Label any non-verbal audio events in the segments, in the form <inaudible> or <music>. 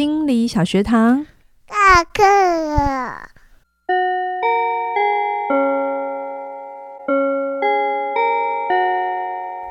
心理小學堂，上課了，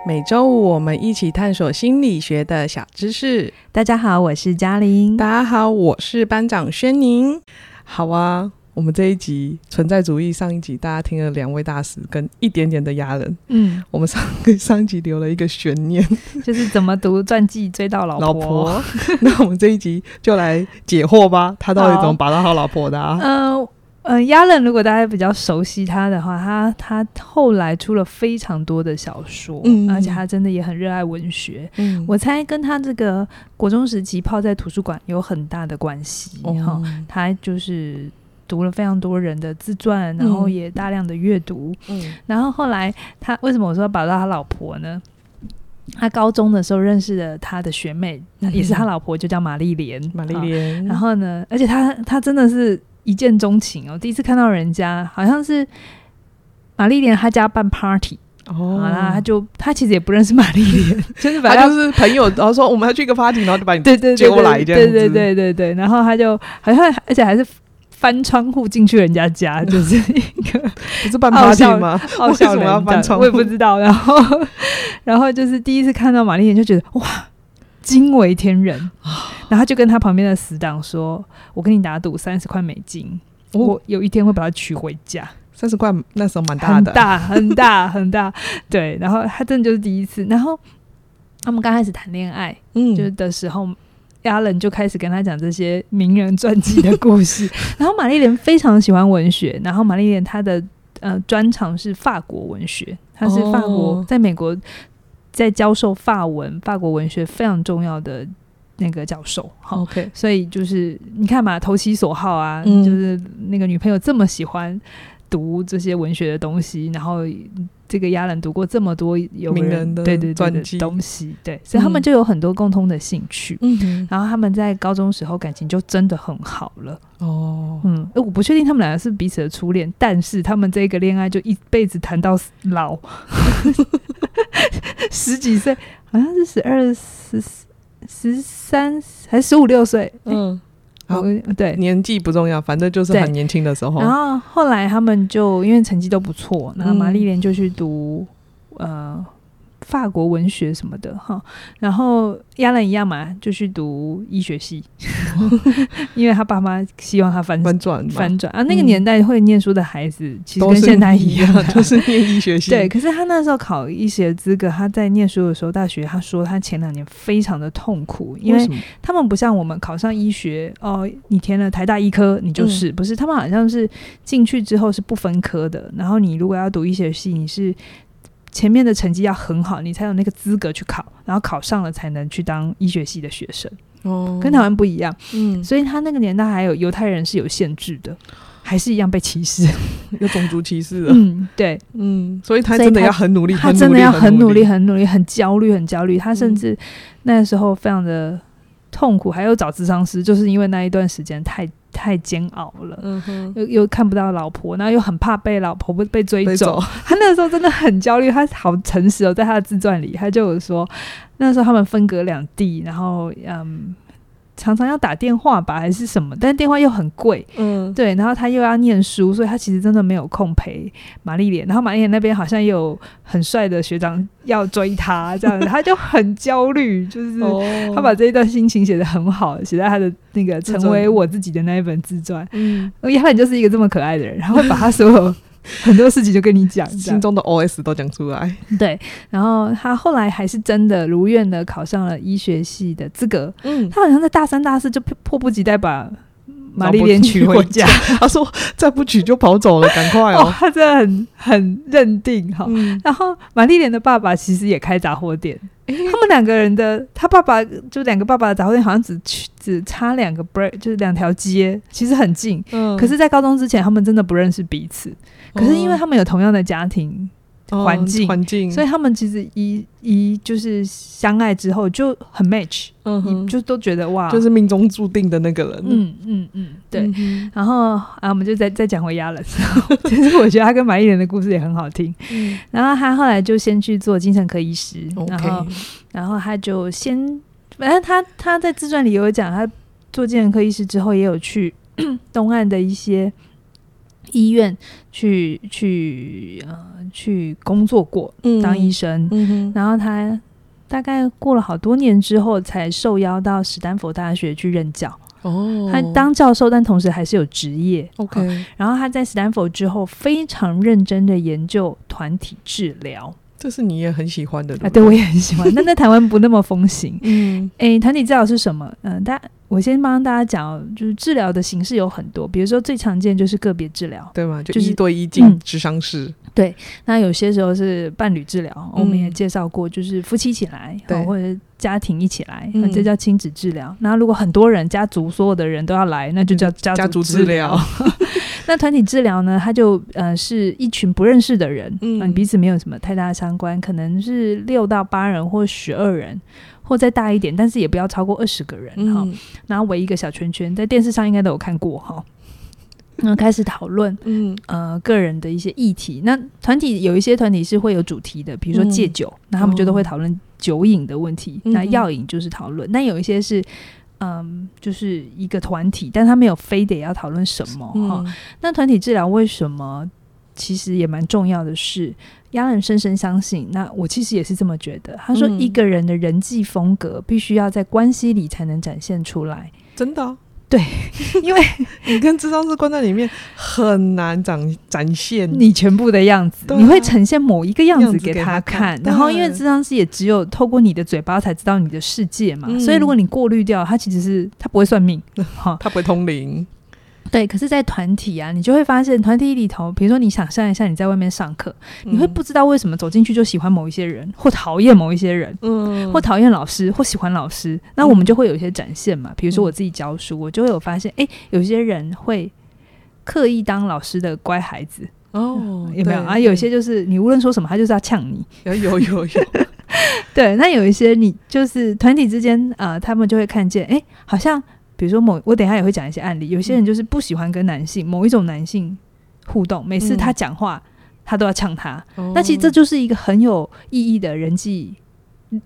每周五我們一起探索心理學的小知識。大家好，我是嘉玲。大家好，我是班長軒寧。好啊。我們這一集存在主義，上一集大家聽了兩位大師跟一點點的亞隆，嗯，我們上上一集留了一個懸念，就是怎麼讀傳記追到老婆老婆。 <laughs> 那我們這一集就來解惑吧，他到底怎麼把到好老婆的？啊？嗯嗯，亞、呃呃、隆如果大家比較熟悉他的話，他他後來出了非常多的小說，嗯、而且他真的也很熱愛文學、嗯。我猜跟他這個國中時期泡在圖書館有很大的關係哈、哦哦，他就是。讀了非常多人的自傳，然後也大量的閱讀，嗯、然後後來他為什麼我說要把到他老婆呢？他高中的時候認識的他的學妹，嗯，也是他老婆，就叫瑪麗蓮，瑪麗蓮。啊，然後呢，而且他他真的是一見鍾情哦，我第一次看到人家，好像是瑪麗蓮他家辦 party 哦，然後他，他就他其實也不認識瑪麗蓮， <laughs> <laughs> 就是反正就是朋友，然後說我們要去一個 party，然後就把你對對接過來，對對對對對，然後他就好像而且還是。翻窗戶進去人家家，就是一個 <laughs> 不是半趴地嗎？奧小戶。我也不知道。然後， <laughs> 然後就是第一次看到瑪麗蓮，就覺得哇，驚為天人。然後就跟他旁邊的死黨說：“我跟你打賭，三十塊美金，哦，我有一天會把她娶回家。”三十塊那時候蠻大的，大很大很大。很大很大 <laughs> 對，然後他真的就是第一次。然後他們剛開始談戀愛，嗯，就是的時候。亞倫就開始跟他講這些名人傳記的故事， <laughs> 然後瑪麗蓮非常喜歡文學，然後瑪麗蓮她的呃專長是法國文學，她是法國、oh. 在美國在教授法文、法國文學非常重要的那個教授。OK，所以就是你看嘛，投其所好啊，嗯、就是那個女朋友這麼喜歡。讀這些文學的東西，然後這個亞隆讀過這麼多有人名人的對對對的東西，對，所以他們就有很多共通的興趣，嗯，然後他們在高中時候感情就真的很好了，嗯、哦，嗯、呃，我不確定他們兩個是彼此的初戀，但是他們這個戀愛就一輩子談到老， <laughs> <laughs> <laughs> <laughs> <laughs> <laughs> <laughs> <laughs> 十幾歲好像是十二十十三還是 <laughs> 十五六歲， <laughs> 嗯。哦、對，年紀不重要，反正就是很年輕的時候。然後後來他們就因為成績都不錯，然後瑪麗蓮就去讀、嗯、呃。法國文學什麼的哈，然後亞隆一樣嘛，就去讀醫學系，嗯、 <laughs> 因為他爸媽希望他翻轉翻轉啊。那個年代會念書的孩子、嗯、其實跟現在一樣，都是一樣、啊就是念醫學系。對，可是他那時候考醫學資格，他在念書的時候，大學他說他前兩年非常的痛苦，因為他們不像我們考上醫學哦，你填了台大醫科，你就是、嗯、不是？他們好像是進去之後是不分科的，然後你如果要讀醫學系，你是。前面的成績要很好，你才有那個資格去考，然後考上了才能去當醫學系的學生。哦，跟台灣不一樣，嗯，所以他那個年代還有猶太人是有限制的、嗯，還是一樣被歧視，有種族歧視的。嗯，對，嗯，所以他真的要很努力，很努力，他真的要很努力，很努力，很焦慮，很焦慮。他甚至那時候非常的痛苦，還有找諮商師，就是因為那一段時間太。太煎熬了，嗯、又又看不到老婆，然後又很怕被老婆被追被追走。他那個時候真的很焦慮，他好誠實哦，在他的自傳裡，他就有說，那時候他們分隔兩地，然後嗯。常常要打電話吧，還是什麼？但是電話又很貴，嗯，對。然後他又要念書，所以他其實真的沒有空陪瑪麗蓮。然後瑪麗蓮那邊好像也有很帥的學長要追她，這樣子 <laughs> 他就很焦慮。就是他把這一段心情寫得很好，寫在他的那個成為我自己的那一本自傳。嗯，我一看你就是一個這麼可愛的人，然後把他所有。很多事情就跟你講， <laughs> 心中的 OS 都講出來。對，然後他後來還是真的如願的考上了醫學系的資格。嗯，他好像在大三、大四就迫不及待把。瑪麗蓮娶回家，回家 <laughs> 他說：“再不娶就跑走了， <laughs> 趕快哦，哦！”他真的很很認定哈、嗯。然後瑪麗蓮的爸爸其實也開雜貨店，嗯、他們兩個人的他爸爸就兩個爸爸的雜貨店，好像只只差兩個 break，就是兩條街，其實很近、嗯。可是在高中之前，他們真的不認識彼此。可是因為他們有同樣的家庭。嗯嗯環境，環、哦、境，所以他們其實一一就是相愛之後就很 match，嗯就都覺得哇，就是命中注定的那個人。嗯嗯嗯，對。嗯、然後啊，我們就再再講回亞隆。其、嗯、實 <laughs> 我覺得他跟瑪莉蓮的故事也很好聽、嗯。然後他後來就先去做精神科醫師，嗯、然後然後他就先，反正他他在自傳裡有講，他做精神科醫師之後也有去東岸的一些醫院去去、呃去工作過，嗯、當醫生、嗯，然後他大概過了好多年之後，才受邀到史丹佛大學去任教。哦，他當教授，但同時還是有職業。OK，、啊、然後他在史丹佛之後，非常認真的研究團體治療。這是你也很喜歡的啊？對，我也很喜歡， <laughs> 但在台灣不那麼風行。嗯，欸、團體治療是什麼？嗯、呃，我先幫大家講，就是治療的形式有很多，比如說最常見就是個別治療，對嗎？就一對一進諮、就是嗯、商室。對，那有些時候是伴侶治療、嗯，我們也介紹過，就是夫妻一起來，對，哦、或者家庭一起來，那、啊、這叫親子治療、嗯。那如果很多人，家族所有的人都要來，那就叫家族治療。嗯、治 <laughs> <laughs> 那團體治療呢？他就呃是一群不認識的人，嗯，啊、彼此沒有什麼太大的相關，可能是六到八人或十二人。或再大一點，但是也不要超過二十個人哈、嗯。然後圍一個小圈圈，在電視上應該都有看過哈。那、嗯、開始討論，嗯呃，個人的一些議題。那團體有一些團體是會有主題的，比如說戒酒，那、嗯、他們就都會討論酒癮的問題。那、嗯、藥癮就是討論。那、嗯、有一些是，嗯、呃，就是一個團體，但他沒有非得要討論什麼哈、哦嗯。那團體治療為什麼其實也蠻重要的？是。家人深深相信，那我其實也是這麼覺得。他說，一個人的人際風格必須要在關係裡才能展現出來，嗯、真的、哦。對， <laughs> 因為 <laughs> 你跟諮商師關在裡面，很難展展現你全部的樣子，啊，你會呈現某一個樣子給他看。他看然後，因為諮商師也只有透過你的嘴巴才知道你的世界嘛，嗯、所以如果你過濾掉他，其實是他不會算命， <laughs> 他不會通靈。對，可是，在團體啊，你就會發現，團體裡頭，比如說，你想象一下，你在外面上課，你會不知道為什麼走進去就喜歡某一些人，嗯、或討厭某一些人，嗯，或討厭老師，或喜歡老師。那我們就會有一些展現嘛。嗯、比如說，我自己教書、嗯，我就會有發現，誒、欸，有些人會刻意當老師的乖孩子哦，有沒有啊？有些就是你無論說什麼，他就是要嗆你，有有有有。有有 <laughs> 對，那有一些你就是團體之間啊、呃，他們就會看見，誒、欸，好像。比如說某，某我等一下也會講一些案例。有些人就是不喜歡跟男性、嗯、某一種男性互動，每次他講話、嗯，他都要嗆他、哦。那其實這就是一個很有意義的人際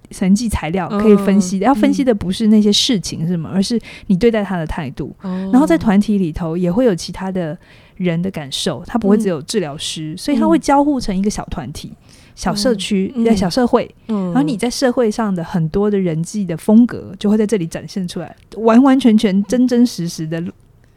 人際材料，可以分析的。的、哦。要分析的不是那些事情、嗯、是什麼，而是你對待他的態度、哦。然後在團體裡頭也會有其他的人的感受，他不會只有治療師、嗯，所以他會交互成一個小團體。小社區在、嗯嗯、小社會、嗯，然後你在社會上的很多的人際的風格，就會在這裡展現出來，完完全全、真真實實的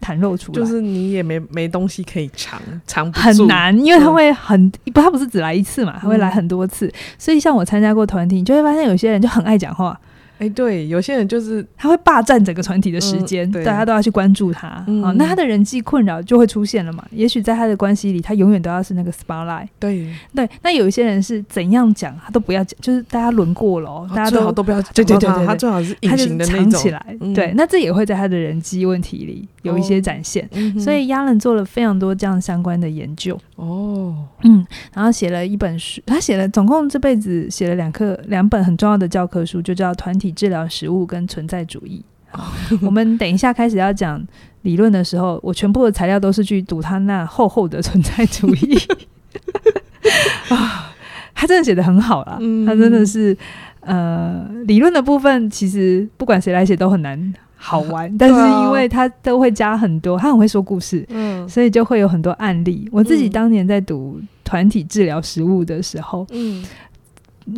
袒露出來。就是你也沒沒東西可以藏，藏，很難，因為他會很不，是他不是只來一次嘛，他會來很多次。所以像我參加過團體，你就會發現有些人就很愛講話。哎、欸，對，有些人就是他會霸佔整個團體的時間、嗯對，大家都要去關注他啊、嗯哦。那他的人際困擾就會出現了嘛？嗯、也許在他的關係裡，他永遠都要是那個 spotlight。對對，那有一些人是怎樣講他都不要講，就是大家輪過了、啊，大家都最好，都不要，對對對，對，對，對，對對對，他最好是隱形的藏起來、嗯。對，那這也會在他的人際問題裡有一些展現。哦、所以，亞隆做了非常多這樣相關的研究哦，嗯，然後寫了一本書，他寫了總共這輩子寫了兩課兩本很重要的教科書，就叫團體。治療食物跟存在主義，oh, <laughs> 我們等一下開始要講理論的時候，我全部的材料都是去讀他那厚厚的存在主義， <laughs> <laughs> 哦，他真的寫得很好了、嗯，他真的是呃，理論的部分其實不管誰來寫都很難好玩、嗯，但是因為他都會加很多，他很會說故事，嗯，所以就會有很多案例。我自己當年在讀團體治療食物的時候，嗯，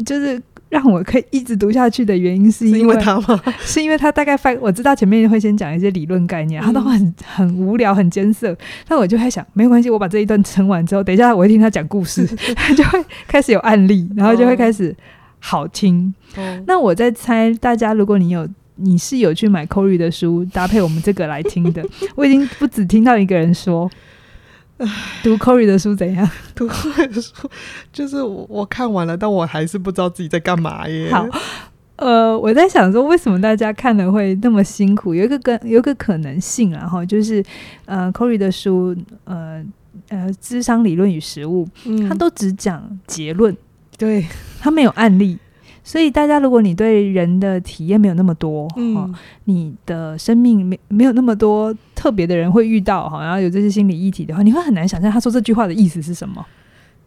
就是。讓我可以一直讀下去的原因是因為，是因為他嗎？是因為他大概翻，我知道前面會先講一些理論概念，他都很很無聊很艱澀，嗯。那我就會想，沒關係，我把這一段撐完之後，等一下我會聽他講故事，他 <laughs> 就會開始有案例，然後就會開始好聽。哦，那我在猜，大家如果你有你是有去買 Corey 的書搭配我們這個來聽的， <laughs> 我已經不止聽到一個人說。讀 Corey 的書怎樣？讀 Corey 的書就是我我看完了，但我還是不知道自己在幹嘛耶。好，呃，我在想說，為什麼大家看的會那麼辛苦？有一個跟有一個可能性、啊，然後就是，呃 Corey 的書，呃呃，諮商理論與實務，他、嗯、都只講結論，結論，對他沒有案例。 <laughs> 所以大家，如果你對人的體驗沒有那麼多，嗯，哦、你的生命沒沒有那麼多特別的人會遇到，哈、哦，然後有這些心理議題的話，你會很難想象他說這句話的意思是什麼。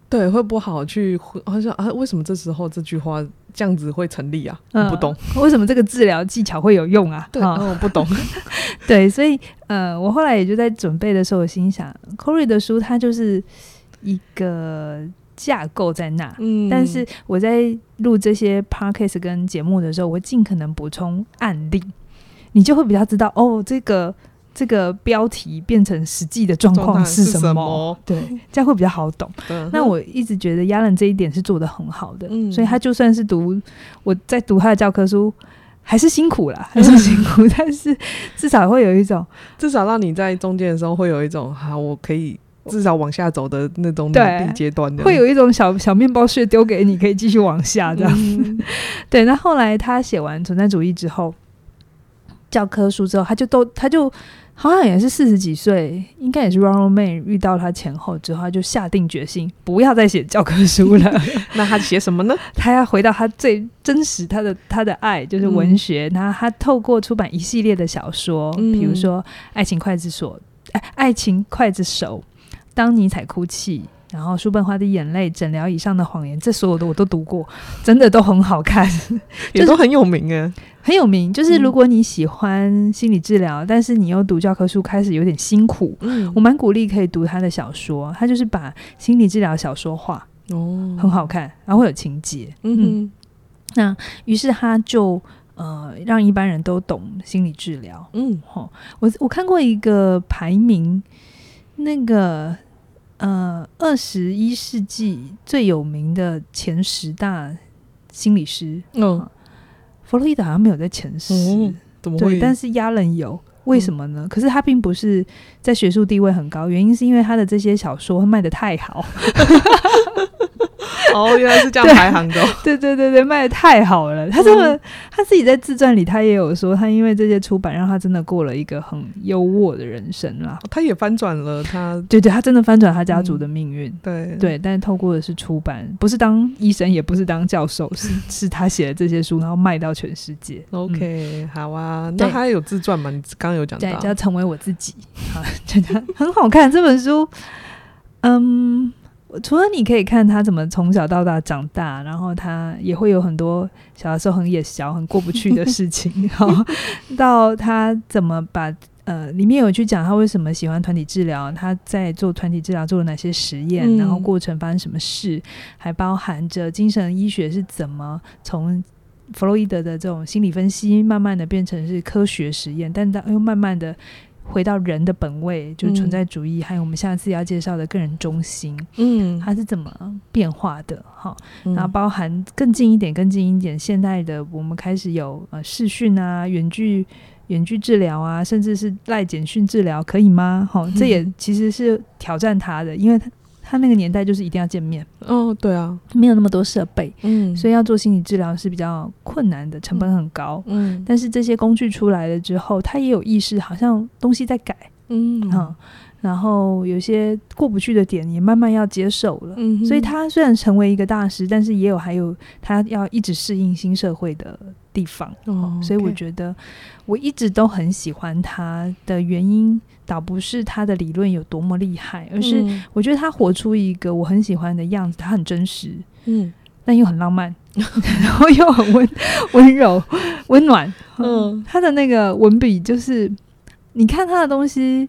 對，會不好去好像啊，為什麼這時候這句話這樣子會成立啊？嗯、我不懂，為什麼這個治療技巧會有用啊？對，哦、我不懂。 <laughs> 對，所以呃，我後來也就在準備的時候，我心想，Corey 的書它就是一個。架構在那，嗯、但是我在錄這些 Podcast 跟節目的時候，我會盡可能補充案例，你就會比較知道哦，這個這個標題變成實際的狀況是，是什麼，對，這樣會比較好懂。那我一直覺得亞隆這一點是做得很好的，很好的、嗯，所以他就算是讀我在讀他的教科書，還是辛苦啦，還是辛苦， <laughs> 但是至少會有一種，至少讓你在中間的時候會有一種哈，我可以。至少往下走的那種階段的對，會有一種小小麵包屑丟給你，可以繼續往下這樣子。 <laughs> 嗯、對，那後來他寫完存在主義之後，教科書之後，他就都他就好像也是四十幾歲，應該也是 Rollo May 遇到他前後之後，他就下定決心不要再寫教科書了。 <laughs> 那他寫什麼呢？他要回到他最真實他的他的愛，就是文學。那、嗯、他透過出版一系列的小說，比、嗯、如說《愛情劊子、哎、愛情劊子手》。當尼采哭泣，然後叔本華的眼淚，診療椅上的謊言，這所有的我都讀過，真的都很好看，這、 <laughs> 就是、都很有名誒、欸，很有名。就是如果你喜歡心理治療、嗯，但是你又讀教科書開始有點辛苦，嗯、我蠻鼓勵可以讀他的小說，他就是把心理治療小說化，哦、嗯，很好看，然後會有情節，嗯，嗯，嗯那於是他就呃讓一般人都懂心理治療，嗯，哈，我我看過一個排名，那個。呃，二十一世紀最有名的前十大心理師，嗯，啊、弗洛伊德好像沒有在前十，嗯、怎麼會？對，但是亞人亞隆有，為什麼呢、嗯？可是他並不是在學術地位很高，原因是因為他的這些小說賣得太好。 <laughs> <laughs> 哦，原來是這樣排行的。對對對對，賣得太好了。他這麼、嗯、他自己在自傳裡，他也有說，他因為這些出版，讓他真的過了一個很優渥的人生啦。哦、他也翻轉了他，對對，他真的翻轉了他家族的命運。嗯、對對，但是透過的是出版，不是當醫生，也不是當教授，是是他寫的這些書，然後賣到全世界。嗯、OK，好啊。那他有自傳嗎？你剛剛有講到，叫《成為我自己》。好，真 <laughs> 很好看這本書。嗯。除了你可以看他怎麼從小到大長大，然後他也會有很多小的時候很也小、很過不去的事情， <laughs> 然後到他怎麼把呃，裡面有去講他為什麼喜歡團體治療，他在做團體治療做了哪些實驗、嗯，然後過程發生什麼事，還包含着精神醫學是怎麼從弗洛伊德的這種心理分析慢慢的變成是科學實驗，但他又慢慢的。回到人的本位，就存在主義，嗯、還有我們下次要介紹的個人中心，嗯，它是怎麼變化的？哈、嗯，然後包含更近一點、更近一點，現代的我們開始有呃視訊啊、遠距、遠距治療啊，甚至是賴簡訊治療可以嗎？哈，這也其實是挑戰它的，因為它。他那個年代就是一定要見面哦，對啊，沒有那麼多設備，嗯，所以要做心理治療是比較困難的，成本很高，嗯，但是這些工具出來了之後，他也有意識，好像東西在改，嗯，嗯，嗯，然後有些過不去的點也慢慢要接受了，嗯，所以他雖然成為一個大師，但是也有還有他要一直適應新社會的地方，哦、嗯嗯，所以我覺得我一直都很喜歡他的原因。倒不是他的理論有多麼厲害，而是我覺得他活出一個我很喜歡的樣子，嗯、他很真實，嗯，但又很浪漫， <laughs> <laughs> 然後又很溫溫柔、溫 <laughs> 暖嗯，嗯，他的那個文筆就是，你看他的東西，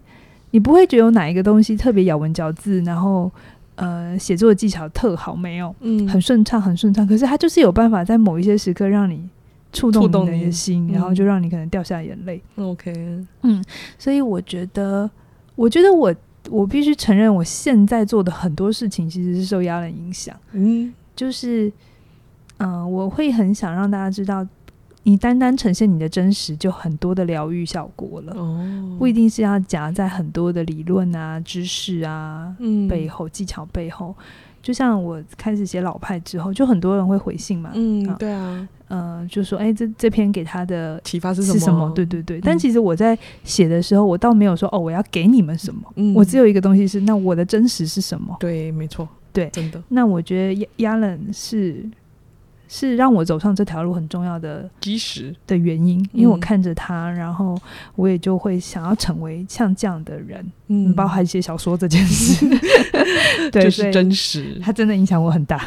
你不會覺得有哪一個東西特別咬文嚼字，然後呃，寫作技巧特好，沒有，很順暢，很順暢，可是他就是有辦法在某一些時刻讓你。觸動你的心你，然後就讓你可能掉下眼淚、嗯。OK，嗯，所以我覺得，我覺得我我必須承認，我現在做的很多事情其實是受亞隆影響。嗯，就是，嗯、呃，我會很想讓大家知道，你單單呈現你的真實，就很多的療癒效果了。哦，不一定是要夾在很多的理論啊、知識啊、嗯背後技巧背後。就像我開始寫老派之後，就很多人會回信嘛。嗯，對啊，呃，就說哎、欸，這這篇給他的是什麼啟發是什麼？對對對、嗯。但其實我在寫的時候，我倒沒有說哦，我要給你們什麼、嗯。我只有一個東西是，那我的真實是什麼？對，沒錯，對，真的。那我覺得亞亞隆是。是讓我走上這條路很重要的基石的原因，因為我看着他、嗯，然後我也就會想要成為像這樣的人。嗯，包含寫小說這件事，嗯、 <laughs> 對，就是真實，他真的影響我很大。 <laughs>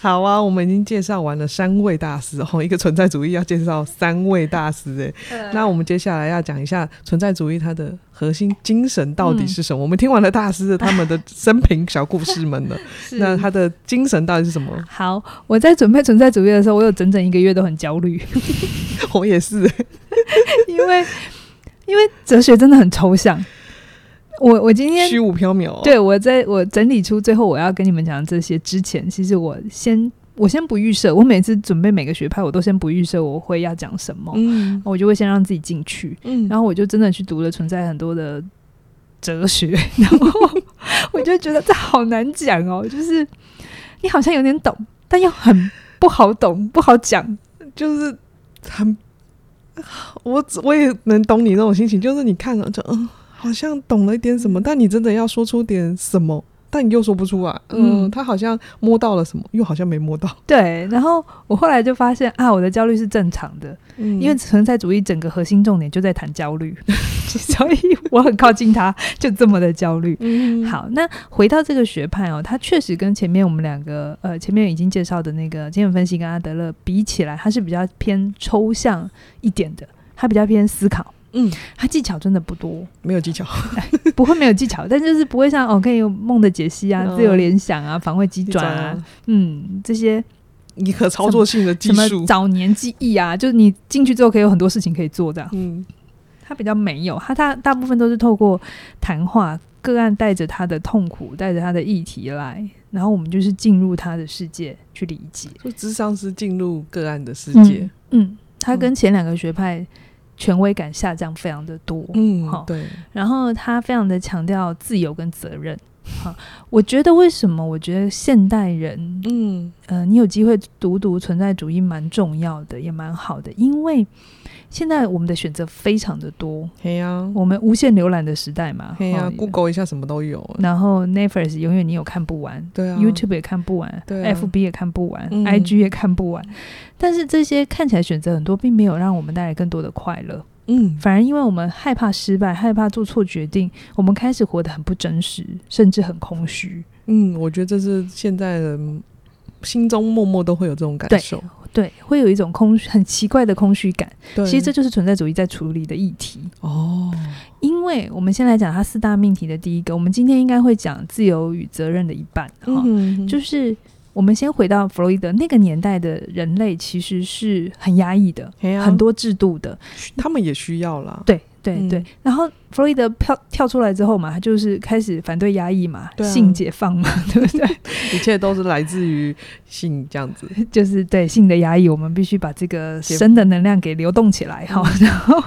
好啊，我們已經介紹完了三位大師哦，一個存在主義要介紹三位大師誒、欸嗯，那我們接下來要講一下存在主義他的。核心精神到底是什麼？嗯、我們聽完了大師的他們的生平小故事們呢？ <laughs> 那他的精神到底是什麼？好，我在準備存在主義的時候，我有整整一個月都很焦慮。 <laughs> 我也是、欸， <laughs> 因為因為哲學真的很抽象。我我今天虛無縹緲、喔。對我在，在我整理出最後我要跟你們講的這些之前，其實我先。我先不預設，我每次準備每個學派，我都先不預設我會要講什麼，嗯、然後我就會先讓自己進去，嗯、然後我就真的去讀了存在很多的哲學，然後我就覺得這好難講哦，就是你好像有點懂，但又很不好懂， <laughs> 不好講，就是很我我也能懂你那種心情，就是你看了就嗯、呃，好像懂了一點什麼，但你真的要說出點什麼。但你又說不出來、啊，嗯，嗯，他好像摸到了什麼，又好像沒摸到。對，然後我後來就發現啊，我的焦慮是正常的，嗯、因為存在主義整個核心重點就在談焦慮，嗯、所以我很靠近他， <laughs> 就這麼的焦慮、嗯。好，那回到這個學派哦，他確實跟前面我們兩個呃，前面已經介紹的那個精神分析跟阿德勒比起來，他是比較偏抽象一點的，他比較偏思考。嗯，他技巧真的不多，沒有技巧、 <laughs> 哎，不會沒有技巧，但就是不會像哦，可以有夢的解析啊，自由聯想啊，防衛機轉啊，嗯，這些你可操作性的技術，什麼什麼早年記憶啊，就是你進去之後可以有很多事情可以做，這樣。嗯，他比較沒有，他他大部分都是透過談話個案，帶着他的痛苦，帶着他的議題來，然後我們就是進入他的世界去理解。就諮商是進入個案的世界。嗯，他、嗯、跟前兩個學派。嗯權威感下降非常的多，嗯、哦，對，然後他非常的強調自由跟責任，哈、哦， <laughs> 我覺得為什麼？我覺得現代人，嗯，呃，你有機會讀讀存在主義，蠻重要的，也蠻好的，因為。現在我們的選擇非常的多，啊、我們無限瀏覽的時代嘛，Google 一下什麼都有，然後 Netflix 永遠你有看不完，對啊，YouTube 也看不完，對、啊、FB 也看不完、啊、IG 也看不完、嗯，但是這些看起來選擇很多，並沒有讓我們帶來更多的快樂，嗯，反而因為我們害怕失敗，害怕做錯決定，我們開始活得很不真實，甚至很空虛，嗯，我覺得這是現在的。心中默默都會有這種感受，對，對，會有一種空，很奇怪的空虛感。其實這就是存在主義在處理的議題哦。因為我們先來講它四大命題的第一個，我們今天應該會講自由與責任的一半哈、嗯嗯。就是我們先回到弗洛伊德那個年代的人類，其實是很壓抑的、啊，很多制度的，他們也需要啦。對。對、嗯、對，然後弗洛伊德跳跳出來之後嘛，他就是開始反對壓抑嘛、啊，性解放嘛，對不對？ <laughs> 一切都是來自於性，這樣子就是對性的壓抑，我們必須把這個生的能量給流動起來哈、哦。然後，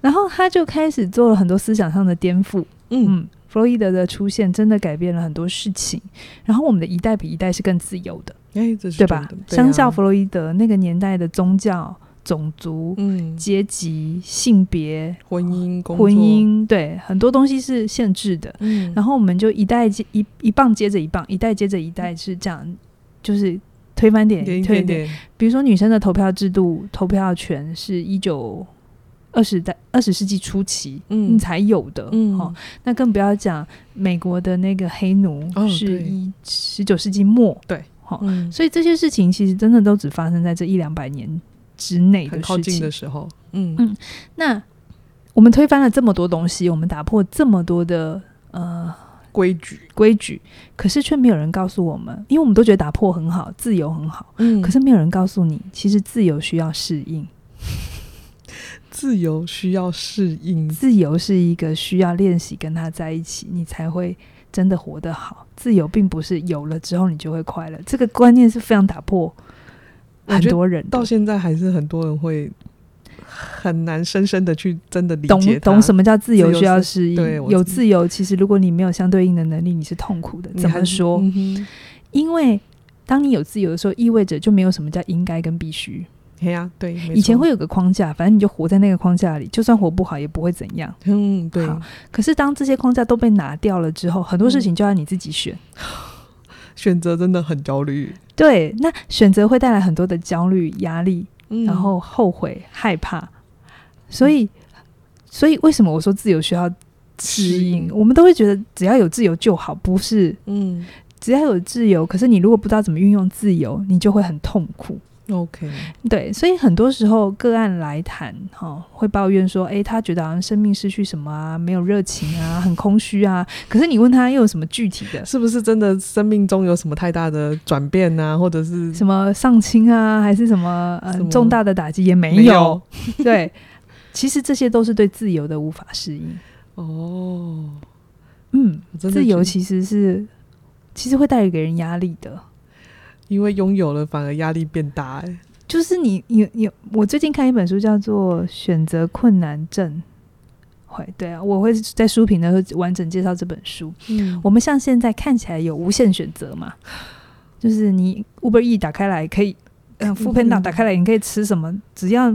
然後他就開始做了很多思想上的顛覆嗯。嗯，弗洛伊德的出現真的改變了很多事情。然後我們的一代比一代是更自由的，欸、這是的，對吧？相較、啊、弗洛伊德那個年代的宗教。種族、嗯、階級、性別、婚姻、啊、婚姻，對，很多東西是限制的。嗯、然後我們就一代接一一棒接着一棒，一代接着一代是這樣、嗯，就是推翻點，點點點，推，對，比如說，女生的投票制度、投票權是一九二十代二十世紀初期嗯，嗯才有的，嗯，那更不要講美國的那個黑奴是一十九、嗯、世紀末對、嗯，所以這些事情其實真的都只發生在這一兩百年。之內的事情，很靠近的時候，嗯嗯，那我們推翻了這麼多東西，我們打破這麼多的呃規矩規矩，可是卻沒有人告訴我們，因為我們都覺得打破很好，自由很好，嗯，可是沒有人告訴你，其實自由需要適應，自由需要適應，自由是一個需要練習跟他在一起，你才會真的活得好。自由並不是有了之後你就會快樂，這個觀念是非常打破。很多人到現在還是很多人會很難深深的去真的理解懂，懂什麼叫自由需要適應自有，自由其實，如果你沒有相對應的能力，你是痛苦的。怎麼說？嗯。因為當你有自由的時候，意味着就沒有什麼叫應該跟必須，啊。對呀，對，以前會有個框架，反正你就活在那個框架裡，就算活不好也不會怎樣。嗯，對。好，可是當這些框架都被拿掉了之後，很多事情就要你自己選。嗯選擇真的很焦慮，對，那選擇會帶來很多的焦慮、壓力，嗯，然後後悔、害怕，所以，嗯，所以為什麼我說自由需要適應？我們都會覺得只要有自由就好，不是？嗯，只要有自由，可是你如果不知道怎麼運用自由，你就會很痛苦。OK，對，所以很多時候個案來談，哈、哦，會抱怨說，哎、欸，他覺得好像生命失去什麼啊，沒有熱情啊，很空虛啊。 <laughs> 可是你問他又有什麼具體的？是不是真的生命中有什麼太大的轉變呢、啊？或者是什麼喪親啊，還是什麼呃什麼重大的打擊也沒有？沒有 <laughs> 對，其實這些都是對自由的無法適應。哦，嗯，自由其實是其實會帶給人壓力的。因為擁有了，反而壓力變大、欸、就是你，你，你，我最近看一本書，叫做《選擇困難症》，會對啊，我會在書評的時候完整介紹這本書、嗯。我們像現在看起來有無限選擇嘛，就是你 Uber E 打開來可以，嗯 Foodpanda 打開來你可以吃什麼，只要。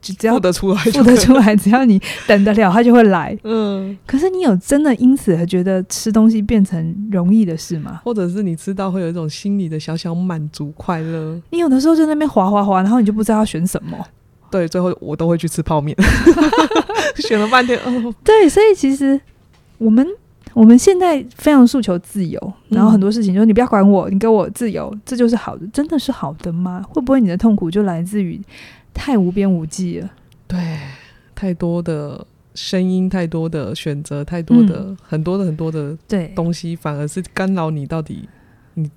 只只要付得出來，付得出來，只要你等得了，他就會來。嗯，可是你有真的因此而覺得吃東西變成容易的事嗎？或者是你知道會有一種心理的小小滿足快樂？你有的時候就在那邊滑滑滑，然後你就不知道要選什麼。對，最後我都會去吃泡麵，選了半天。對，所以其實我們我們現在非常訴求自由，然後很多事情就是你不要管我，你給我自由，這就是好的，真的是好的嗎？會不會你的痛苦就來自於？太無邊無際了，對，太多的聲音，太多的選擇，太多的、嗯、很多的很多的對東西對，反而是干擾你到底，你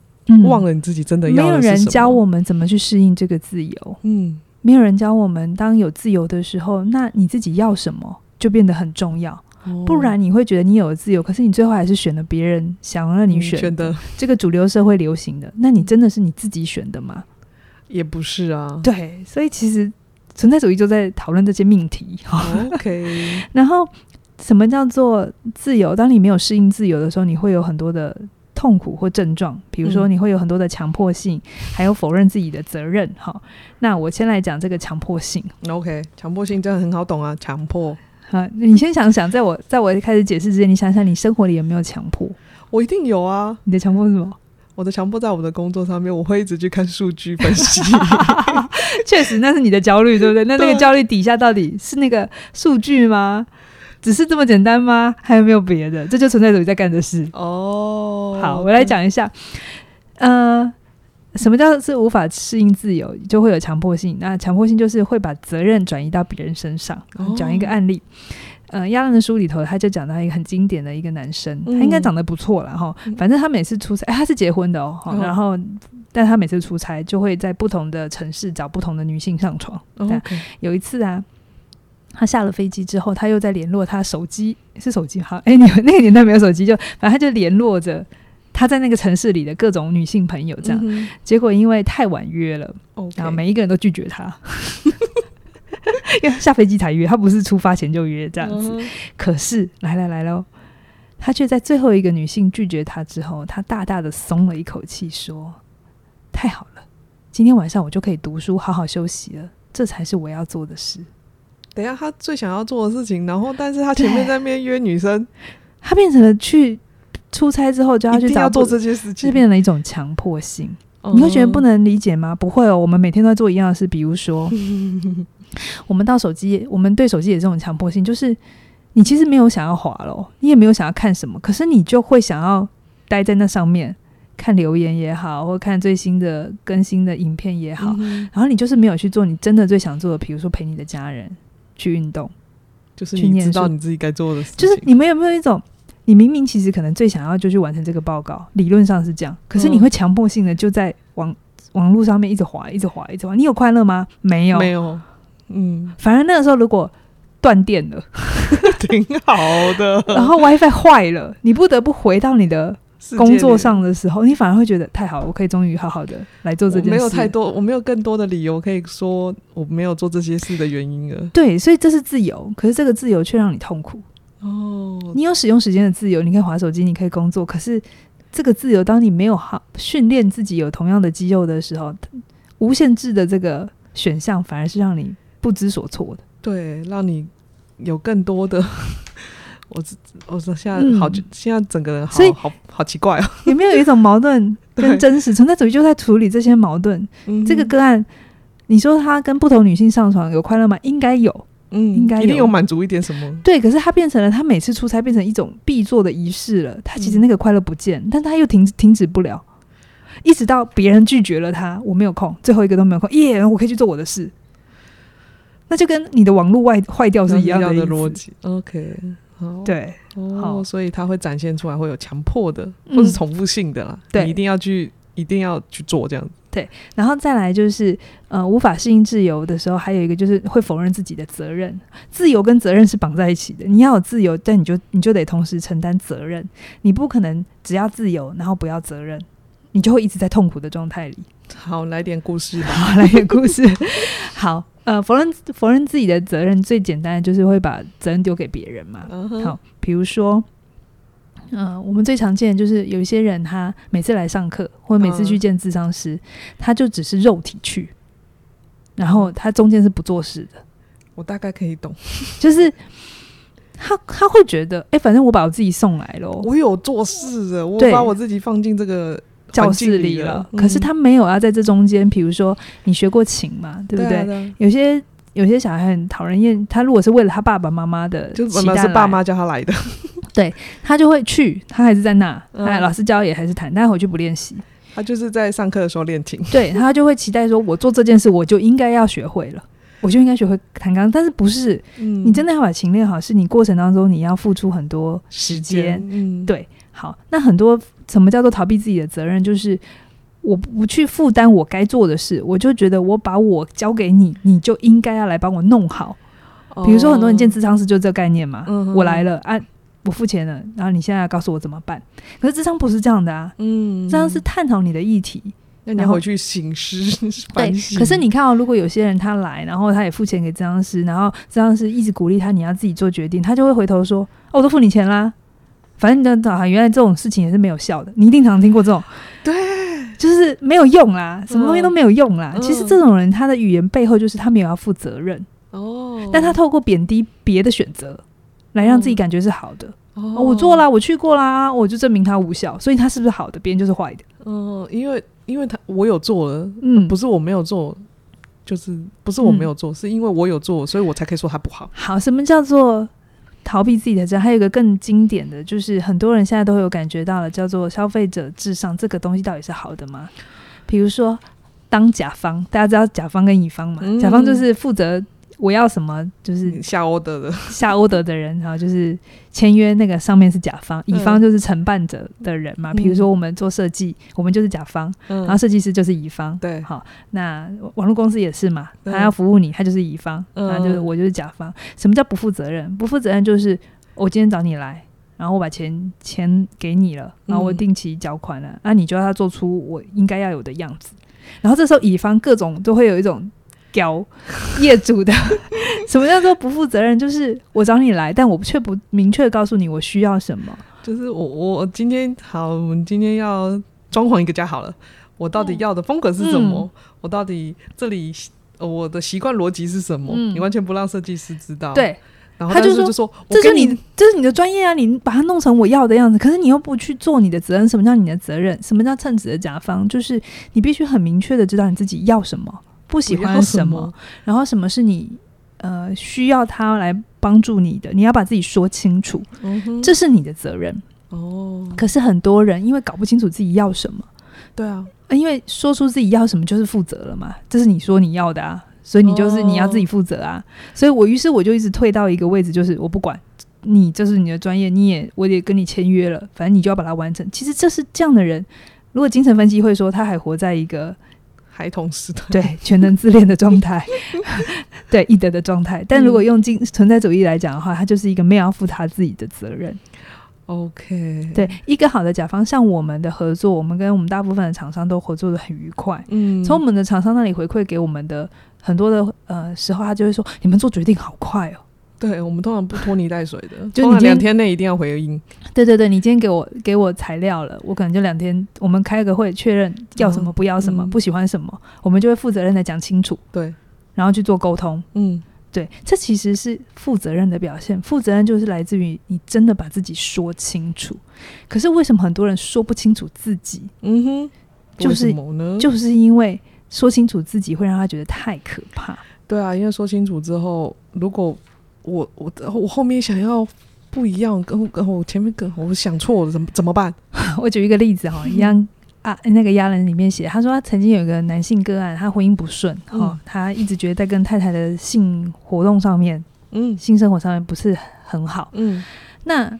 忘了你自己真的要的什麼，嗯。沒有人教我們怎麼去適應這個自由，嗯，沒有人教我們當有自由的時候，那你自己要什麼就變得很重要。嗯、不然你會覺得你有了自由，可是你最後還是選了別人想讓你選的，、嗯、選的這個主流社會流行的，那你真的是你自己選的嗎？也不是啊，對，所以其實存在主義就在討論這些命題。OK，然後什麼叫做自由？當你沒有適應自由的時候，你會有很多的痛苦或症狀，比如說你會有很多的強迫性，嗯、還有否認自己的責任。哈、哦，那我先來講這個強迫性。OK，強迫性真的很好懂啊，強迫。好、啊，你先想想，在我在我開始解釋之前，你想想你生活裡有沒有強迫？我一定有啊。你的強迫是什麼？我的強迫在我的工作上面，我會一直去看數據分析。確 <laughs> 實，那是你的焦慮，對不對？那那個焦慮底下到底是那個數據嗎？只是這麼簡單嗎？還有沒有別的？這就存在着你在幹的事。哦、oh,，好，我來講一下。Okay. 呃，什麼叫是無法適應自由，就會有強迫性？那強迫性就是會把責任轉移到別人身上。講一個案例。Oh. 嗯、呃，亞隆的書裡頭，他就講到一個很經典的一個男生，嗯、他應該長得不錯了哈。反正他每次出差，欸、他是結婚的哦。然後，但他每次出差就會在不同的城市找不同的女性上床。哦、有一次啊，他下了飛機之後，他又在聯絡他手機是手機號。哎、欸，你們那個年代沒有手機，就反正他就聯絡着他在那個城市裡的各種女性朋友這樣。嗯、結果因為太晚約了，然後每一個人都拒絕他。哦 okay <laughs> 因 <laughs> 為下飛機才約，他不是出發前就約這樣子。嗯、可是來來來了，他卻在最後一個女性拒絕他之後，他大大的鬆了一口氣，說：“太好了，今天晚上我就可以讀書，好好休息了。這才是我要做的事。”等一下，他最想要做的事情，然後但是他前面在那邊約女生，啊，他變成了去出差之後就要去找要做這些事情，這變成了一種強迫性。嗯、你會覺得不能理解嗎？不會哦，我們每天都在做一樣的事，比如說。 <laughs> 我們到手機，我們對手機也是這種強迫性，就是你其實沒有想要滑了，你也沒有想要看什麼，可是你就會想要待在那上面看留言也好，或看最新的更新的影片也好，嗯、然後你就是沒有去做你真的最想做的，比如說陪你的家人去運動，就是你知道去念書，你知道你自己該做的事情。就是你們有沒有一種，你明明其實可能最想要就去完成這個報告，理論上是這樣，可是你會強迫性的就在網網路上面一直滑，一直滑，一直滑。你有快樂嗎？沒有，沒有。嗯，反而那個時候如果斷電了，挺好的。 <laughs> 然後 WiFi 壞了，你不得不回到你的工作上的時候，你反而會覺得太好了，我可以終於好好的來做這件事。沒有太多，我沒有更多的理由可以說我沒有做這些事的原因了。 <laughs> 對，所以這是自由，可是這個自由卻讓你痛苦。哦，你有使用時間的自由，你可以滑手機，你可以工作。可是這個自由，當你沒有好訓練自己有同樣的肌肉的時候，無限制的這個選項，反而是讓你。不知所措的，對，讓你有更多的，我我我現在好，嗯、現在整個人所以好好，好奇怪哦，有沒有有一種矛盾跟真實，存在主義就在處理這些矛盾、嗯？這個個案，你說他跟不同女性上床有快樂嗎？應該有，嗯，應該有，一定有滿足一點什麼？對，可是他變成了他每次出差變成一種必做的儀式了，他其實那個快樂不見、嗯，但他又停停止不了，一直到別人拒絕了他，我沒有空，最後一個都沒有空，耶、yeah，我可以去做我的事。那就跟你的網絡外壞掉是一樣的，樣的邏輯。OK，對，好，好，所以它會展現出來，會有強迫的，嗯，或是重複性的啦。對，你一定要去，一定要去做這樣。對，然後再來就是，呃，無法適應自由的時候，還有一個就是會否認自己的責任。自由跟責任是綁在一起的，你要有自由，但你就你就得同時承擔責任。你不可能只要自由，然後不要責任，你就會一直在痛苦的狀態裡。好，來點故事吧， <laughs> 好，來點故事，好。呃，否認否認自己的責任，最簡單的就是會把責任丟給別人嘛。嗯、好，比如說，嗯、呃，我們最常見的就是有一些人，他每次來上課或者每次去見諮商師、嗯，他就只是肉體去，然後他中間是不做事的。我大概可以懂， <laughs> 就是他他會覺得，哎、欸，反正我把我自己送來咯，我有做事的，我把我自己放進這個。教室裡了，了、嗯，可是他沒有要在這中間。比如說，你學過琴嘛，對不對？對啊、有些有些小孩很討人厭，他如果是為了他爸爸媽媽的，就是爸媽叫他來的？ <laughs> 對，他就會去，他還是在那，老師教也還是彈、嗯，但回去不練習。他就是在上課的時候練琴。對，他就會期待說，我做這件事，我就應該要學會了， <laughs> 我就應該學會彈鋼琴。但是不是、嗯，你真的要把琴練好，是你過程當中你要付出很多時間。嗯，對。好，那很多。什麼叫做逃避自己的責任？就是我不去負擔我該做的事，我就覺得我把我交給你，你就應該要來幫我弄好。Oh, 比如說很多人見諮商師就這概念嘛，uh -huh. 我來了啊，我付錢了，然後你現在要告訴我怎麼辦？可是諮商不是這樣的啊，嗯，諮商是探討你的議題，嗯、然後要你要回去省思反思。可是你看到、哦、如果有些人他來，然後他也付錢給諮商師，然後諮商師一直鼓勵他，你要自己做決定，他就會回頭說哦，我都付你錢啦。反正你啊，原來這種事情也是沒有效的。你一定常常聽過這種，對，就是沒有用啦，什麼東西都沒有用啦。嗯、其實這種人他的語言背後就是他沒有要負責任哦，但他透過貶低別的選擇來讓自己感覺是好的哦。哦，我做啦，我去過啦，我就證明他無效，所以他是不是好的，別人就是壞的。嗯，因為因為他我有做了，嗯、呃，不是我沒有做，就是不是我沒有做、嗯，是因為我有做，所以我才可以說他不好。好，什麼叫做？逃避自己的責任，還有一個更經典的就是，很多人現在都會有感覺到了，叫做消費者至上，這個東西到底是好的嗎？比如說，當甲方，大家知道甲方跟乙方嘛，嗯、甲方就是負責。我要什麼就是下 order 的、下 order 的人哈，就是簽約那個上面是甲方，乙、嗯、方就是承辦者的人嘛。比、嗯、如說我們做設計，我們就是甲方、嗯，然後設計師就是乙方，對、嗯，好，那網絡公司也是嘛，他要服務你，他就是乙方，那、嗯、就是我就是甲方、嗯。什麼叫不負責任？不負責任就是我今天找你來，然後我把錢錢給你了，然後我定期繳款了，那、嗯啊、你就要他做出我應該要有的樣子。然後這時候乙方各種都會有一種刁。 <laughs> 業主的什麼叫做不負責任？就是我找你來，但我卻不明確告訴你我需要什麼。就是我我今天好，我們今天要裝潢一個家好了，我到底要的風格是什麼、嗯？我到底這裡我的習慣邏輯是什麼、嗯？你完全不讓設計師知道。對，然後他就說，這就是你這是你，你，是你的專業啊，你把它弄成我要的樣子。可是你又不去做你的責任。什麼叫你的責任？什麼叫稱職的甲方？就是你必須很明確的知道你自己要什麼。不喜歡什麼，然後什麼是你呃需要他來幫助你的？你要把自己說清楚，嗯、這是你的責任哦。可是很多人因為搞不清楚自己要什麼，對啊，因為說出自己要什麼就是負責了嘛。這是你說你要的啊，所以你就是你要自己負責啊、哦。所以我於是我就一直退到一個位置，就是我不管你，這是你的專業，你也我也跟你簽約了，反正你就要把它完成。其實這是這樣的人，如果精神分析會說，他還活在一個。孩童對全能自戀的狀態， <laughs> 對易得的狀態。但如果用存在主義來講的話，他就是一個沒有要負他自己的責任。OK，對一個好的甲方，像我們的合作，我們跟我們大部分的廠商都合作得很愉快。嗯，從我們的廠商那裡回饋給我們的很多的呃時候，他就會說：“你們做決定好快哦。”對，我們通常不拖泥帶水的，就你兩天內一定要回個音。對對對，你今天給我給我材料了，我可能就兩天。我們開個會確認要什麼，嗯、不要什麼、嗯，不喜歡什麼，我們就會負責任的講清楚。對，然後去做溝通。嗯，對，這其實是負責任的表現。負責任就是來自於你真的把自己說清楚。可是為什麼很多人說不清楚自己？嗯哼，就是呢，就是因為說清楚自己會讓他覺得太可怕。對啊，因為說清楚之後，如果我我我後面想要不一樣，跟跟我前面跟我想錯了，怎麼怎麼辦？ <laughs> 我舉一個例子哈，一樣、嗯、啊，那個亞隆裡面寫，他說他曾經有一個男性個案，他婚姻不順哈、哦嗯，他一直覺得在跟太太的性活動上面，嗯，性生活上面不是很好，嗯，那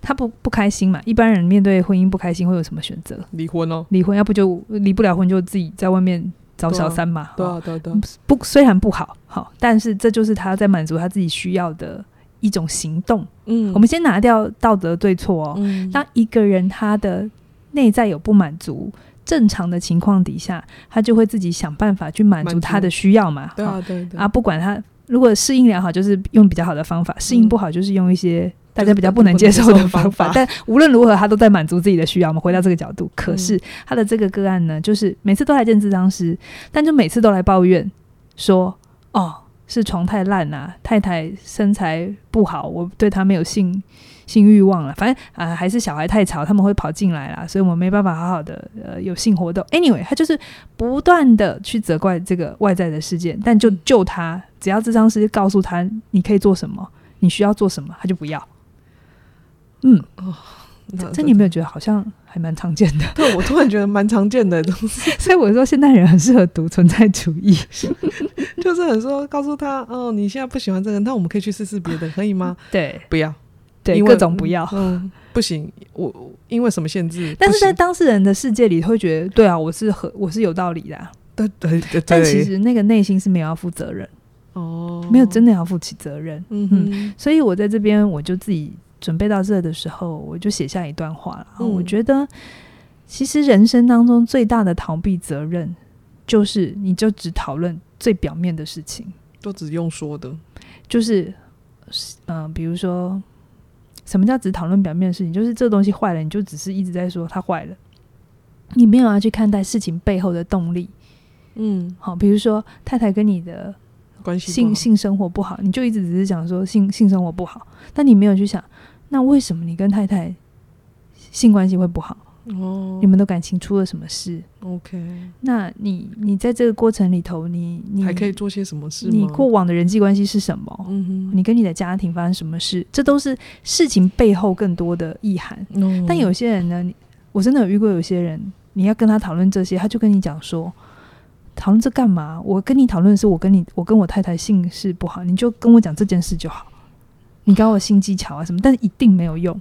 他不不開心嘛？一般人面對婚姻不開心會有什麼選擇？離婚哦，離婚，要不就離不了婚，就自己在外面。找小三嘛？對、啊、對、啊、對、啊對啊，不，雖然不好，好、哦，但是這就是他在滿足他自己需要的一種行動。嗯，我們先拿掉道德對錯哦。當、嗯、一個人他的內在有不滿足，正常的情況底下，他就會自己想辦法去滿足他的需要嘛。對、啊、對，啊對啊，啊，不管他如果適應良好，就是用比較好的方法；適、嗯、應不好，就是用一些。大家比較不能接受的方法，就是、方法 <laughs> 但無論如何，他都在滿足自己的需要。我們回到這個角度，可是他的這個個案呢，就是每次都來見諮商師，但就每次都來抱怨說：“哦，是床太爛啦，太太身材不好，我對她沒有性性慾望了。反正啊、呃，還是小孩太吵，他們會跑進來啦，所以我們沒辦法好好的呃有性活動。Anyway，他就是不斷的去責怪這個外在的事件，但就救他，只要諮商師告訴他，你可以做什麼，你需要做什麼，他就不要。”嗯哦這，這你有沒有覺得好像還蠻常見的？對，我突然覺得蠻常見的東、欸、西。所以我說現代人很適合讀存在主義， <laughs> 就是很說告訴他，哦，你現在不喜歡這個人，那我們可以去試試別的，可以嗎？對，不要，對因為各種不要，嗯，嗯不行。我因為什麼限制？但是在當事人的世界裡會覺得，對啊，我是和我是有道理的、啊對對。對，但其實那個內心是沒有要負責任哦，沒有真的要負起責任嗯哼。嗯，所以我在這邊我就自己。準備到這的時候，我就寫下一段話了，嗯。我覺得，其實人生當中最大的逃避責任，就是你就只討論最表面的事情，都只用說的，就是，嗯、呃，比如說，什麼叫只討論表面的事情？就是這東西壞了，你就只是一直在說它壞了，嗯，你沒有要去看待事情背後的動力。嗯，好，比如說太太跟你的關係性性生活不好，你就一直只是想說性性生活不好，但你沒有去想。那為什麼你跟太太性關係會不好？哦、oh.，你們的感情出了什麼事？OK，那你你在這個過程裡頭，你你還可以做些什麼事嗎？你過往的人際關係是什麼？嗯哼，你跟你的家庭發生什麼事？這都是事情背後更多的意涵。Oh. 但有些人呢，我真的有遇過有些人，你要跟他討論這些，他就跟你講說，討論這幹嘛？我跟你討論是我跟你我跟我太太性事不好，你就跟我講這件事就好。你教我新技巧啊什麼，但一定沒有用，誒、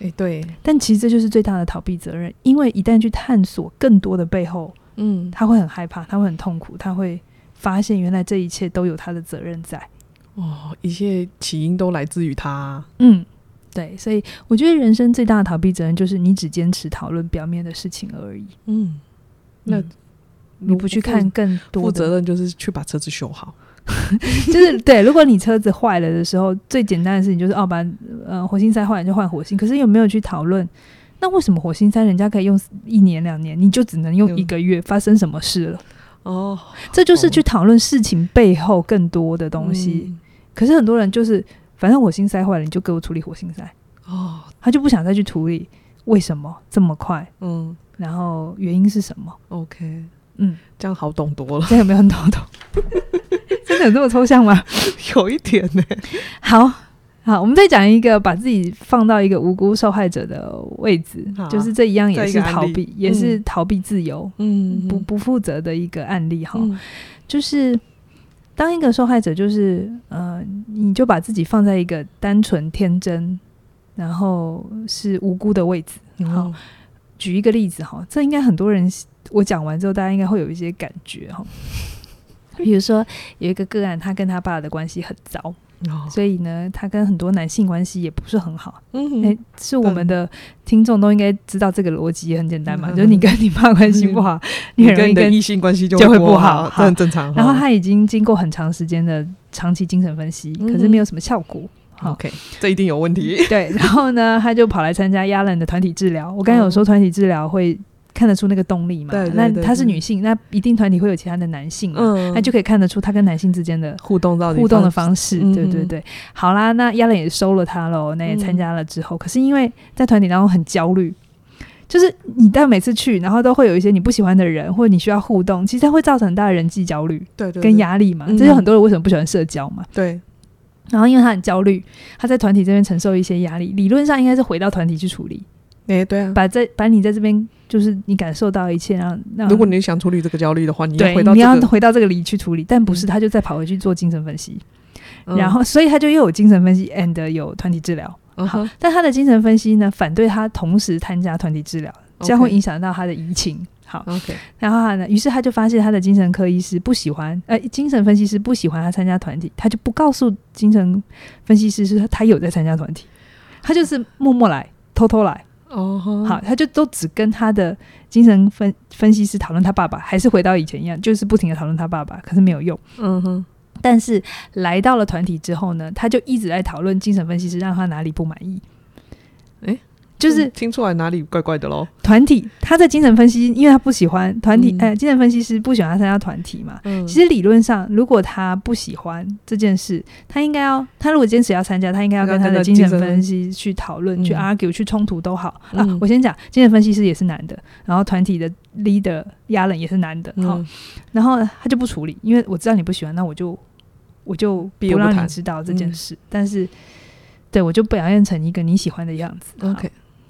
欸，對，但其實這就是最大的逃避責任，因為一旦去探索更多的背後，嗯，他會很害怕，他會很痛苦，他會發現原來這一切都有他的責任在。哦，一切起因都來自於他，嗯，對，所以我覺得人生最大的逃避責任就是你只堅持討論表面的事情而已，嗯，那你不去看更多，負責任就是去把車子修好。 <laughs> 就是對，如果你車子壞了的時候， <laughs> 最簡單的事情就是哦，把呃火星塞壞了就換火星。可是又沒有去討論，那為什麼火星塞人家可以用一年兩年，你就只能用一個月？發生什麼事了？哦、嗯，這就是去討論事情背後更多的東西，嗯。可是很多人就是，反正火星塞壞了你就給我處理火星塞哦，他就不想再去處理。為什麼這麼快？嗯，然後原因是什麼？OK，嗯，這樣好懂多了。這樣有沒有很好懂？ <laughs> <laughs> 那有那麼抽象嗎？有一點呢、欸。好，好，我們再講一個把自己放到一個無辜受害者的位置，啊、就是這一樣也是逃避一個，也是逃避自由，嗯，不嗯不負責的一個案例哈、嗯。就是當一個受害者，就是嗯、呃，你就把自己放在一個單純天真，然後是無辜的位置。好、嗯，舉一個例子哈，這應該很多人，我講完之後，大家應該會有一些感覺哈。比如說有一個個案，他跟他爸的關係很糟、嗯，所以呢，他跟很多男性關係也不是很好。嗯、欸，是我們的聽眾都應該知道這個邏輯很簡單嘛、嗯，就是你跟你爸關係不好，嗯、你，很容易跟你跟異性關係就會不好，這很正常。然後他已經經過很長時間的長期精神分析、嗯，可是沒有什麼效果、嗯。OK，這一定有問題。對，然後呢，他就跑來參加亞隆的團體治療。我剛才有說團體治療會。看得出那個動力嘛？對，對，對，那她是女性，嗯、那一定團體會有其他的男性嘛，那、嗯、就可以看得出她跟男性之間的互動到底互動的方式、嗯。對對對，好啦，那亞隆也收了他嘍，那也參加了之後、嗯，可是因為在團體當中很焦慮，就是你但每次去，然後都會有一些你不喜歡的人，或者你需要互動，其實它會造成很大的人際焦慮，跟壓力嘛，對對對，這是很多人為什麼不喜歡社交嘛。對、嗯，然後因為他很焦慮，他在團體這邊承受一些壓力，理論上應該是回到團體去處理。哎、欸，對啊，把在把你在這邊，就是你感受到一切，然後那如果你想處理這個焦慮的話，你要回到你要回到這個裡去處理，但不是他，就再跑回去做精神分析，嗯、然後所以他就又有精神分析，and 有團體治療、嗯。好，但他的精神分析呢，反對他同時參加團體治療，okay. 這樣會影響到他的移情。好，okay. 然後呢，於是他就發現他的精神科醫師不喜歡，呃，精神分析師不喜歡他參加團體，他就不告訴精神分析師是他有在參加團體，他就是默默來，偷偷來。哦、uh -huh.，好，他就都只跟他的精神分分析師討論他爸爸，還是回到以前一樣，就是不停地討論他爸爸，可是沒有用。嗯哼，但是來到了團體之後呢，他就一直在討論精神分析師，讓他哪裡不滿意。就是聽出來哪裡怪怪的咯。團體，他在精神分析，因為他不喜歡團體，嗯，哎，精神分析師不喜歡他參加團體嘛，嗯。其實理論上，如果他不喜歡這件事，他應該要，他如果堅持要參加，他應該要跟他的精神分析去討論、去 argue、嗯、去衝突都好啊，嗯。我先講，精神分析師也是男的，然後團體的 leader 亞隆也是男的，好，嗯哦，然後他就不處理，因為我知道你不喜歡，那我就我就不讓你知道這件事，嗯、但是對我就表現成一個你喜歡的樣子、嗯、，OK。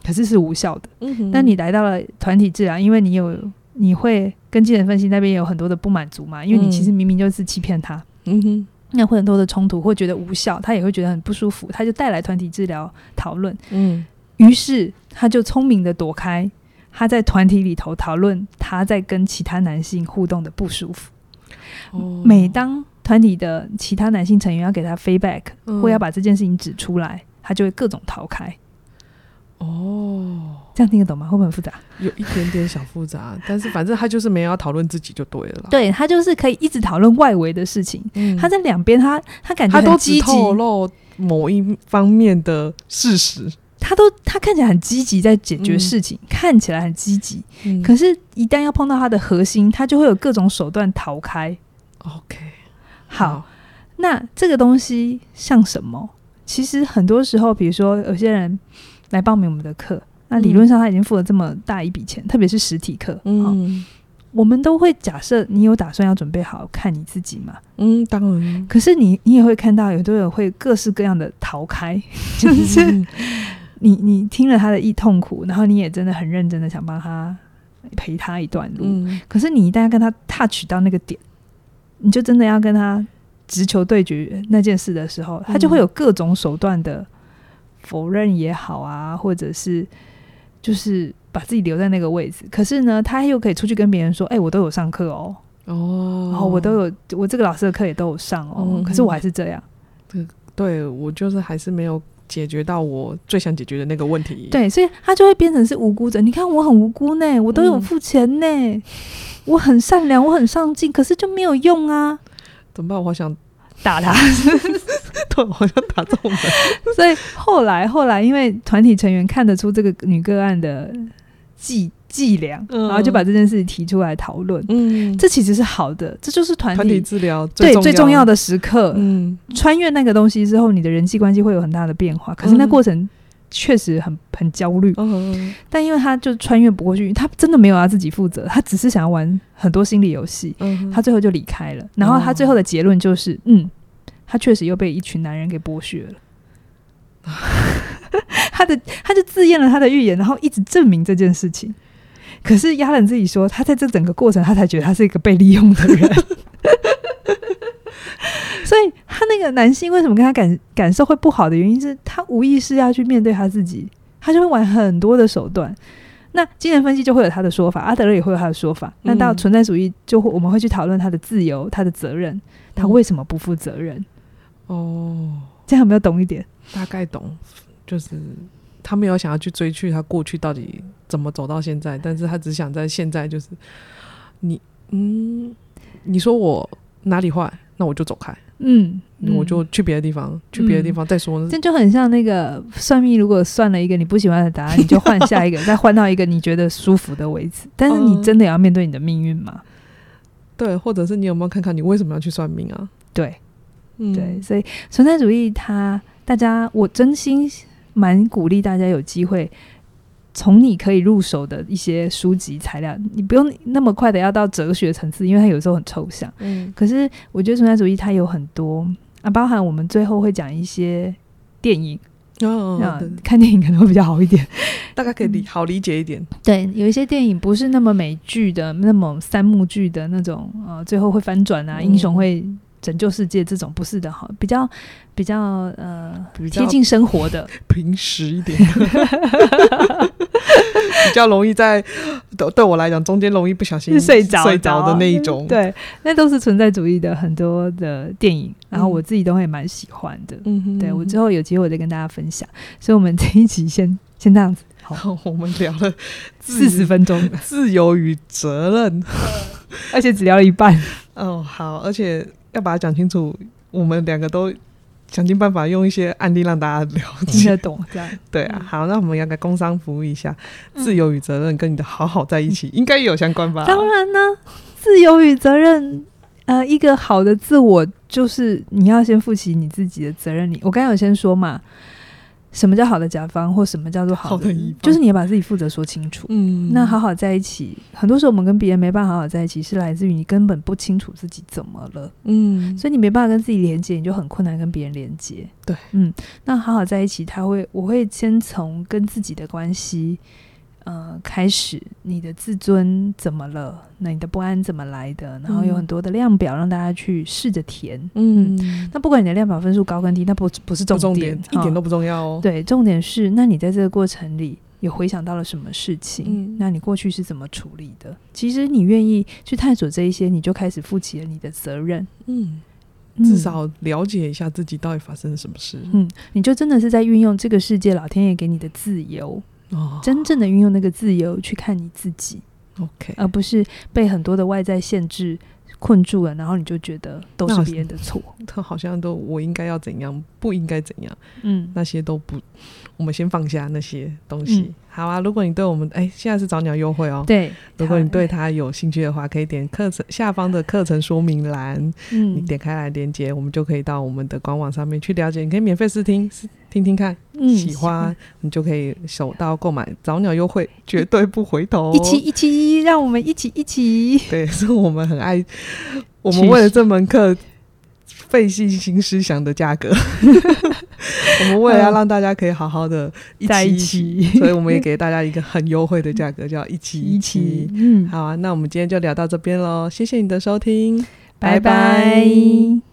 可是是無效的。嗯哼。那你來到了團體治療，因為你有你會跟精神分析那邊有很多的不滿足嘛，因為你其實明明就是欺騙他。嗯哼。那會很多的衝突，會覺得無效，他也會覺得很不舒服，他就帶來團體治療討論。嗯。於是他就聰明的躲開，他在團體裡頭討論他在跟其他男性互動的不舒服。哦。每當團體的其他男性成員要給他 feedback，嗯，或要把這件事情指出來，他就會各種逃開。哦、oh，這樣聽得懂嗎？會不會很複雜？有一點點小複雜， <laughs> 但是反正他就是沒有要討論自己就對了。對，他就是可以一直討論外圍的事情。嗯，他在兩邊，他他感覺他都只透露某一方面的事實。他都他看起來很積極在解決事情，嗯、看起來很積極、嗯。可是，一旦要碰到他的核心，他就會有各種手段逃開。OK，好，好，那這個東西像什麼？其實很多時候，比如說有些人。來報名我們的課，那理論上他已經付了這麼大一筆錢，嗯、特別是實體課，嗯、哦，我們都會假設你有打算要準備好看你自己嘛，嗯，當然。可是你你也會看到有都有會各式各樣的逃開，就是、嗯、你你聽了他的一痛苦，然後你也真的很認真的想幫他陪他一段路，嗯、可是你一旦要跟他 touch 到那個點，你就真的要跟他直球對決那件事的時候，他就會有各種手段的。否認也好啊，或者是就是把自己留在那個位置。可是呢，他又可以出去跟別人說：“哎、欸，我都有上課哦、喔，哦，我都有我這個老師的課也都有上哦、喔。嗯”可是我還是這樣、嗯，對，我就是還是沒有解決到我最想解決的那個問題。對，所以他就會變成是無辜者。你看，我很無辜呢，我都有付錢呢，嗯、我很善良，我很上進，可是就沒有用啊。怎麼辦？我好想。打他 <laughs> <laughs> 對，好像打中了。 <laughs> 所以後來，後來，因為團體成員看得出這個女個案的伎伎倆，然後就把這件事提出來討論。嗯，這其實是好的，這就是團體，團體治療對最重要的時刻。嗯，穿越那個東西之後，你的人際關係會有很大的變化。可是那過程。嗯確實很很焦慮，oh, um. 但因為他就穿越不過去，他真的沒有他自己負責，他只是想要玩很多心理遊戲。Oh, um. 他最後就離開了，然後他最後的結論就是，oh. 嗯，他確實又被一群男人給剝削了。 <laughs> 他的他就自驗了他的預言，然後一直證明這件事情。可是亞隆自己說，他在這整個過程，他才覺得他是一個被利用的人。 <laughs> 所以他那個男性為什麼跟他感感受會不好的原因是他無意識要去面對他自己，他就會玩很多的手段。那精神分析就會有他的說法，阿德勒也會有他的說法。那、嗯、到存在主義就會我們會去討論他的自由、他的責任，嗯、他為什麼不負責任？哦，這樣有沒有懂一點？大概懂，就是他沒有想要去追去他過去到底怎麼走到現在，但是他只想在現在，就是你嗯，你說我哪裡壞，那我就走開。嗯，我就去別的地方，嗯、去別的地方再說、嗯。這就很像那個算命，如果算了一個你不喜歡的答案，你就換下一個， <laughs> 再換到一個你覺得舒服的位置。但是你真的要面對你的命運嗎、嗯？對，或者是你有沒有看看你為什麼要去算命啊？對，嗯、對，所以存在主義它，它大家，我真心蠻鼓勵大家有機會。從你可以入手的一些書籍材料，你不用那麼快的要到哲學層次，因為它有時候很抽象。嗯，可是我覺得存在主義它有很多啊，包含我們最後會講一些電影，嗯、哦哦哦啊，看電影可能會比較好一點，大家可以理、嗯、好理解一點。對，有一些電影不是那麼美劇的，那麼三幕劇的那種呃、啊，最後會翻轉啊、嗯，英雄會。拯救世界這種不是的哈，比較比較呃，貼近生活的，平實一點， <laughs> <laughs> 比較容易在對對我來講，中間容易不小心睡着睡着的那一種。 <laughs> 對，那都是存在主義的很多的電影，然後我自己都會蠻喜歡的。嗯，對，我之後有機會再跟大家分享。所以，我們這一集先先這樣子。好，好，我們聊了四十分鐘，自由與責任， <laughs> 而且只聊了一半。哦，好，而且。要把它講清楚，我們兩個都想盡辦法用一些案例讓大家聊聽得懂。對啊， <laughs> 對啊。好，那我們要給工商服務一下，嗯、自由與責任跟你的好好在一起、嗯、應該也有相關吧？當然呢，自由與責任，呃，一個好的自我就是你要先負起你自己的責任。你我剛才有先說嘛。什麼叫好的甲方，或什麼叫做好的？好的乙方就是你要把自己負責說清楚。嗯，那好好在一起，很多時候我們跟別人沒辦法好好在一起，是來自於你根本不清楚自己怎麼了。嗯，所以你沒辦法跟自己連接，你就很困難跟別人連接。對，嗯，那好好在一起，他會，我會先從跟自己的關係。呃，開始你的自尊怎麼了？那你的不安怎麼來的？然後有很多的量表讓大家去試着填。嗯，那不管你的量表分數高跟低，那不不是重點，不重點，哦，一點都不重要哦。對，重點是，那你在這個過程裡也回想到了什麼事情？嗯，那你過去是怎麼處理的？其實你願意去探索這一些，你就開始負起了你的責任。嗯，至少了解一下自己到底發生了什麼事。嗯，你就真的是在運用這個世界老天爺給你的自由。Oh. 真正的運用那個自由，去看你自己，OK，而不是被很多的外在限制困住了，然後你就覺得都是別人的錯，他好像都我應該要怎樣，不應該怎樣，嗯，那些都不，我們先放下那些東西。嗯好啊，如果你對我們哎、欸，現在是找鳥優惠哦。對，如果你對他有興趣的話，可以點課程下方的課程說明欄、嗯，你點開來連結，我們就可以到我們的官網上面去了解。你可以免費試聽，聽聽看，嗯、喜歡,喜歡你就可以手刀購買。早鳥優惠絕對不回頭一，一起一起，讓我們一起一起。對，是我們很愛，我們為了這門課費盡心思想的價格。 <laughs> <laughs> 我們為了要讓大家可以好好的一起、嗯、在一起， <laughs> 所以我們也給大家一個很優惠的價格， <laughs> 叫一起一起，一起。嗯，好啊，那我們今天就聊到這邊嘍，謝謝你的收聽，拜拜。拜拜。